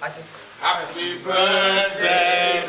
Happy birthday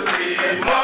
se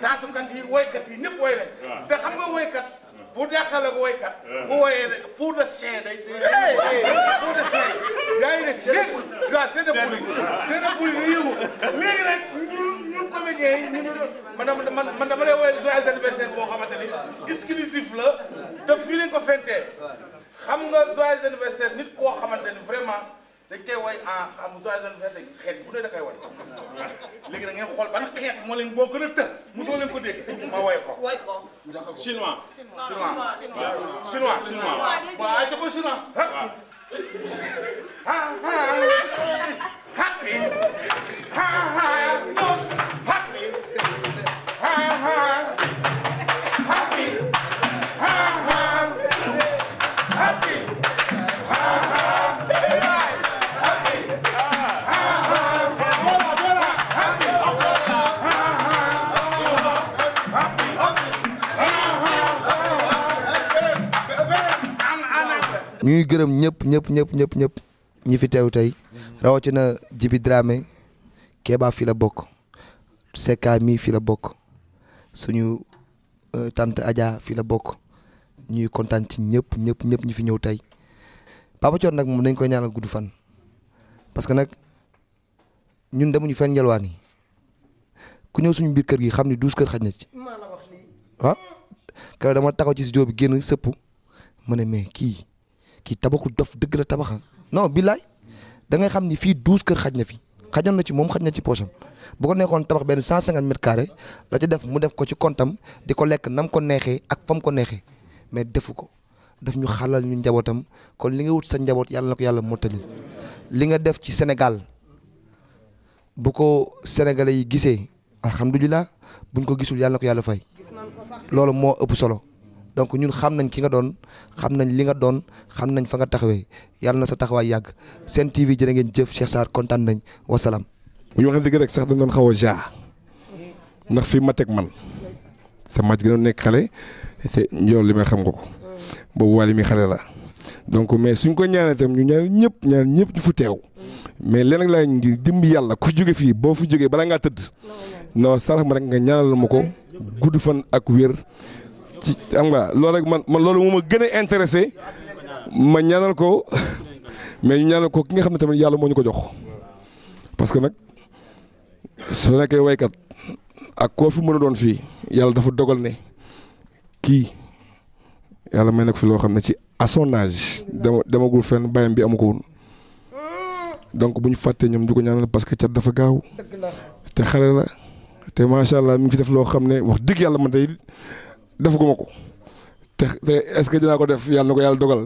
taasumkat yi woykat yi ñëpp woy lañ te xam nga woykat bu dàqale ko woykat bu woyee pour de chien day pour de chien yaa ngi ne léegi de buli c'est de buli ni yëngu léegi nag ñun ñun comédien yi ñu man man man dama lay woyal joyeux anniversaire boo xamante ni exclusif la te fii lañ ko fentee xam nga joyeux anniversaire nit koo xamante ni vraiment dañ koy woy ah xam nga soo leen fekk bu ne da koy woy léegi da ngeen xool ban xeet moo leen boo gën a të mosoo leen ko dégg ma woy ko. woy ko chinois. chinois chinois chinois. waaw waaw waaw waaw waaw waaw waaw waaw waaw waaw waaw ñu ngi gërëm ñëpp ñëpp ñëpp ñëpp ñëpp ñi fi teew tey mhm. rawatina Djibi Dramé Kéba fii la bokk Seka mii fii la bokk suñu euh, tante Adja fii la bokk ñuy kontaan ci ñëpp ñëpp ñëpp ñi fi ñëw tey Papa Thione nag moom dañ koy ñaanal gudd fan parce que nag ñun demuñu fenn njelwaan yi ku ñëw suñu biir kër gi xam ni douze kër xaj na ci waaw ah, keroog dama taxaw ci studio bi génn sëpp ma ne mais kii ki tabaxu dof deug la tabax non billahi da ngay xamni ni 12 keur xajna fi xajoon na ci mom xajna ci poosam bu ko nekkoon tabax ben 150 mètres carrés la ci def mu def ko ci kontam di lek nam ko nexé ak fam ko nexé mais defu ko daf ñu xalal ñu njabotam kon li nga wut sa njabot yalla nako yalla yàlla mottali li nga def ci Sénégal bu ko sénégalais yi gisé alhamdullilah buñ ko gisul yalla nako yalla fay lolu mo ëpp solo. donc ñun xam nañ ki nga doon xam nañ li nga doon xam nañ fa nga tax taxawee yàlla na sa taxawaay yàgg seen TV jërë ngeen jëf Cheikh Sarr kontaan nañ wasalaam. bu ñu waxee rek sax dañ doon xaw a ja ndax fii man sama mat gën nekk xale te yow li may xam nga ko boobu waa li muy xale la donc mais suñ ko ñaanee tam ñu ñaan ñëpp ñaan ñëpp ñu fu teew mais leneen laa ngi dimb yàlla ku jóge fii boo fu jógee bala ngaa tëdd noo sarax ma rek nga ñaanal ma ko gudd fan ak wér. ci am nga loolu rek man man loolu moo ma gën a intéressé ma ñaanal ko mais ñu ñaanal ko ki nga xam ne tamit yàlla moo ñu ko jox parce que nag su nekkee waykat ak koo fi mën a doon fii yàlla dafa dogal ne kii yàlla may na fi loo xam ne ci assonage son dama demagul fenn bàyyam bi amu ko woon donc bu ñu fàttee ñoom du ko ñaanal parce que cat dafa gaaw te xale la te macha allah mi ngi fi def loo xam ne wax dëgg yàlla man tey defaguma ko te est-ce que dina ko def yalla na ko yàlla dogal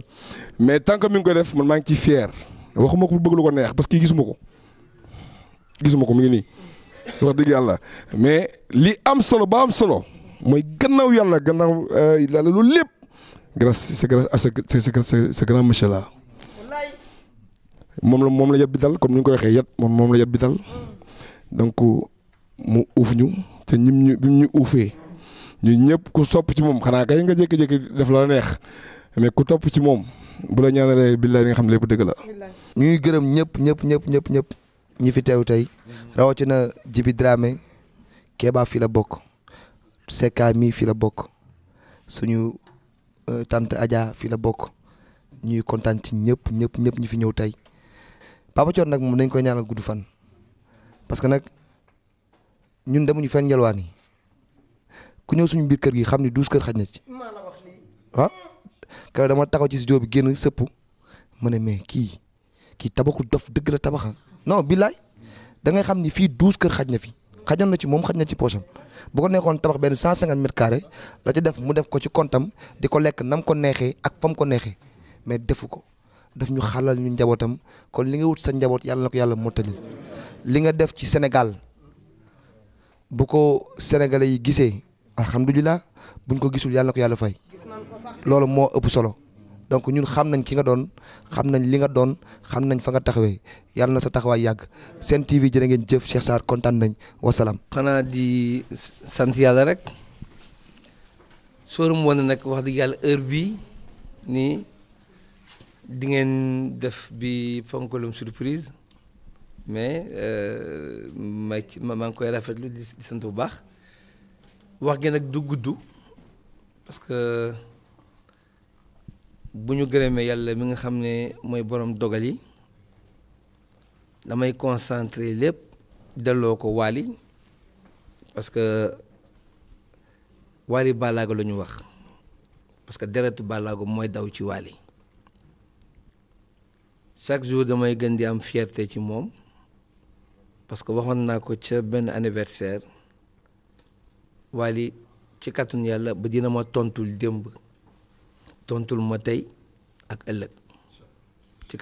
mais tant que ming ko def man mang ci fier waxuma ko beug lu ko neex parce que gisuma ko mingi ni wax deug yalla mais li am solo ba am solo moy gannaaw yalla gannaaw euh, yàlla loolu lépp grâce c'est grâce à ce grand monsieur là moom la mom la yat bi dal comme ni ngi koy waxe yat mom moom la yat dal mm. donc mu uuf ñu te ñim ñu bi ñu oufé ñu ñëpp ku sopp ci moom xanaa kay nga jékki-jékki def la neex mais ku topp ci moom bu la ñaanalee billaay li nga xam ne lépp dëgg la. ñu ngi gërëm ñëpp ñëpp ñëpp ñëpp ñëpp ñi fi teew tey rawatina Djiby Dramé Kéba fii la bokk Seka mii fii la bokk suñu euh, tante Adja fii la bokk ñuy kontaan ci ñëpp ñëpp ñëpp ñi fi ñëw tey Papa Thione nag moom dañ koy ñaanal gudd fan parce que nag ñun demuñu fenn yelwaan yi ku ñëw suñu biir kër gi xam ni douze kër xaj na ci waaw ah, keroog dama taxaw ci studio bi génn sëpp ma ne mais kii kii tabaxu dof dëgg la tabaxa no billaay da ngay xam ni fii douze kër xaj na fi xajoon na ci moom xaj na ci poosam boo ko nekkoon tabax benn cent cinquante mètres carrés la ci def mu def ko ci kontam di ko lekk nam ko neexee ak fam ko neexee mais defu ko daf ñu xalal ñu njabootam kon li nga wut sa njaboot yàlla na ko yàlla mottali li nga def ci Sénégal bu ko sénégalais yi gisee. Alhamdulillah, buñ ko gisul yalla ko yalla fay lolu mo ëpp solo donc ñun xam nañ ki nga doon xam nañ li nga doon xam nañ fa nga taxawé yalla na sa taxaway yag sen TV ngeen jëf Cheikh sar contane nañ salam xana di sant yalla rek soorum won nak wax dëgg yalla heure bi ni di ngeen def bi fonkolum surprise mais euh, ma ma maa di sant bu baax. wax gi nag du gudd parce que bu ñu gërëmee yàlla mi nga xam ne mooy borom dogal yi damay concentré lépp delloo ko parce que Wally Ballago la ñu wax parce que deretu Ballago mooy daw ci Wali. chaque jour damay gën di am fierté ci moom parce que waxoon naa ko ca benn anniversaire wali ci katun yalla ba dina ma tontul demb tontul ma tay ak ëlëk ci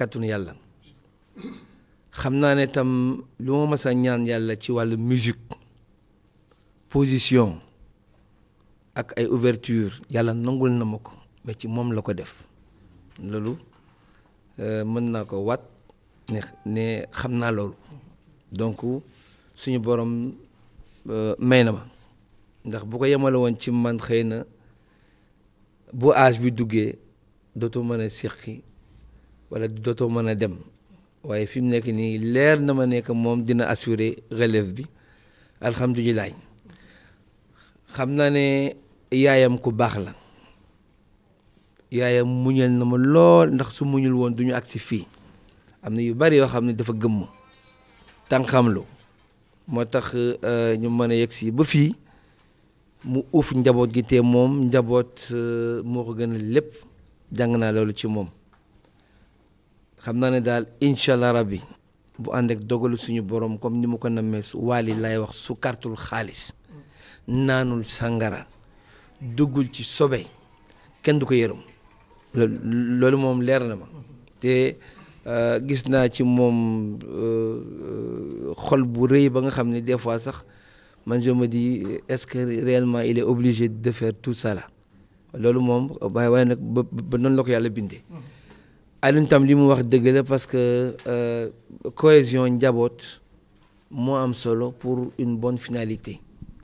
tam ñaan musique position ak ay ouverture yalla nangul na mais ci mom la ko def euh, ne ne donc borom euh, ndax bu ko yemale woon ci man xëy na bu âge bi duggee dootoo mën a seqi wala dootoo mën a dem waaye fi mu nekk nii leer na ma nekk moom dina assurer relève bi alhamdulilah xam naa ne yaayam ku baax la yaayam muñal na ma lool ndax su muñul woon duñu agsi fii am na yu bari yoo xam ne dafa gëmm tànqamlu moo tax ñu mën a yegg si ba fii mu uuf njaboot gi te moom njaboot euh, moo ko gën a lépp jàng naa loolu ci moom xam naa ne daal incha allah rabbi bu ànd ak dogalu suñu borom comme ni mu ko nammee waali laay wax su kartul xaalis naanul sàngara duggul ci sobe kenn du ko yërëm loolu moom leer na ma te euh, gis naa ci moom euh, xol bu rëy ba nga xam ne des fois sax man je me dis est-ce que réellement il est obligé de faire tout ça là loolu mom waaye waaye nag ba ba la ko yalla bindé mm-hmm. Alioune tam limu wax dëgg la parce que euh, cohésion njaboot mo am solo pour une bonne finalité